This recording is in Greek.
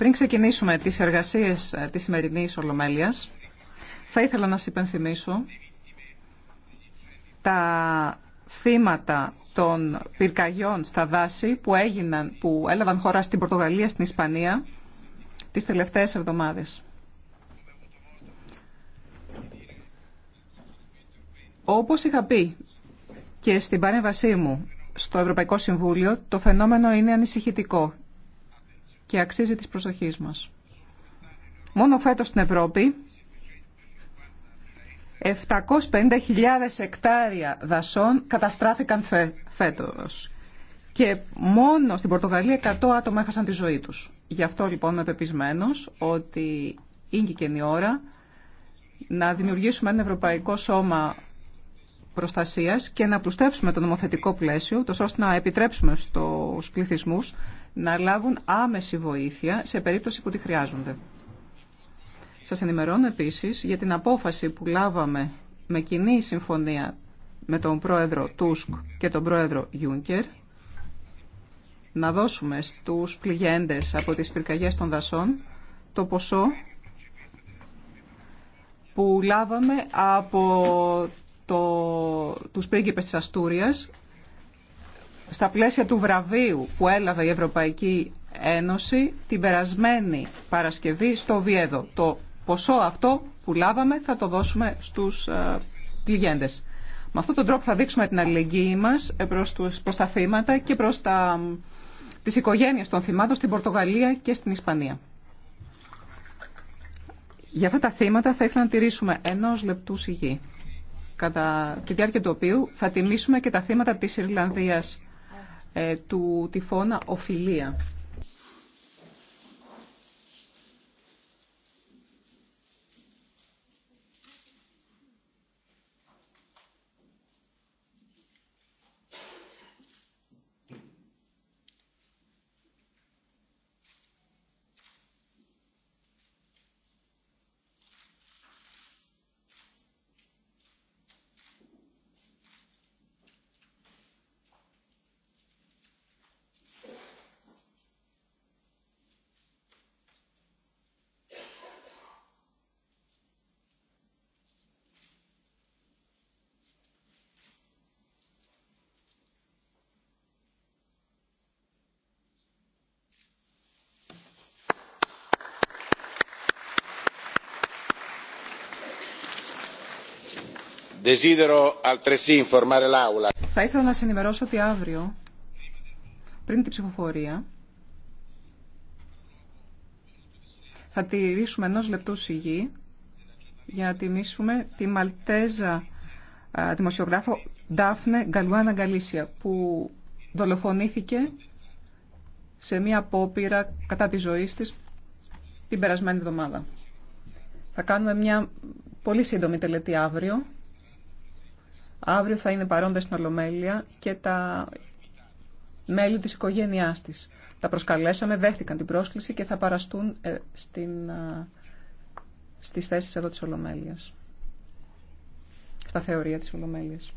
Πριν ξεκινήσουμε τις εργασίες ε, της σημερινής Ολομέλειας, θα ήθελα να σας υπενθυμίσω τα θύματα των πυρκαγιών στα δάση που, έγιναν, που έλαβαν χώρα στην Πορτογαλία, στην Ισπανία, τις τελευταίες εβδομάδες. Όπως είχα πει και στην παρέμβασή μου στο Ευρωπαϊκό Συμβούλιο, το φαινόμενο είναι ανησυχητικό και αξίζει της προσοχής μας. Μόνο φέτος στην Ευρώπη 750.000 εκτάρια δασών καταστράφηκαν φέτος και μόνο στην Πορτογαλία 100 άτομα έχασαν τη ζωή τους. Γι' αυτό λοιπόν είμαι πεπισμένος ότι είναι και η ώρα να δημιουργήσουμε ένα ευρωπαϊκό σώμα προστασίας και να πλουστεύσουμε το νομοθετικό πλαίσιο, τόσο ώστε να επιτρέψουμε στου πληθυσμού να λάβουν άμεση βοήθεια σε περίπτωση που τη χρειάζονται. Σας ενημερώνω επίσης για την απόφαση που λάβαμε με κοινή συμφωνία με τον πρόεδρο Τούσκ και τον πρόεδρο Γιούνκερ να δώσουμε στους πληγέντες από τις πυρκαγιές των δασών το ποσό που λάβαμε από το, τους πρίγκιπες της Αστούριας στα πλαίσια του βραβείου που έλαβε η Ευρωπαϊκή Ένωση την περασμένη Παρασκευή στο Βιέδο. Το ποσό αυτό που λάβαμε θα το δώσουμε στους ε, πληγέντες. Με αυτόν τον τρόπο θα δείξουμε την αλληλεγγύη μας ε, προς, τους, προς τα θύματα και προς τα, τις οικογένειες των θυμάτων στην Πορτογαλία και στην Ισπανία. Για αυτά τα θύματα θα ήθελα να τηρήσουμε ενός λεπτού σιγή κατά τη διάρκεια του οποίου θα τιμήσουμε και τα θύματα της Ιρλανδίας ε, του τυφώνα Οφιλία. Θα ήθελα να σας ενημερώσω ότι αύριο, πριν την ψηφοφορία, θα τηρήσουμε ενός λεπτού σιγή για να τιμήσουμε τη Μαλτέζα δημοσιογράφο Ντάφνε Γκαλουάνα Γκαλίσια που δολοφονήθηκε σε μια απόπειρα κατά τη ζωή της την περασμένη εβδομάδα. Θα κάνουμε μια πολύ σύντομη τελετή αύριο Αύριο θα είναι παρόντα στην Ολομέλεια και τα μέλη της οικογένειάς της. Τα προσκαλέσαμε, δέχτηκαν την πρόσκληση και θα παραστούν ε, στην, στις θέσεις εδώ της Ολομέλειας. Στα θεωρία της Ολομέλειας.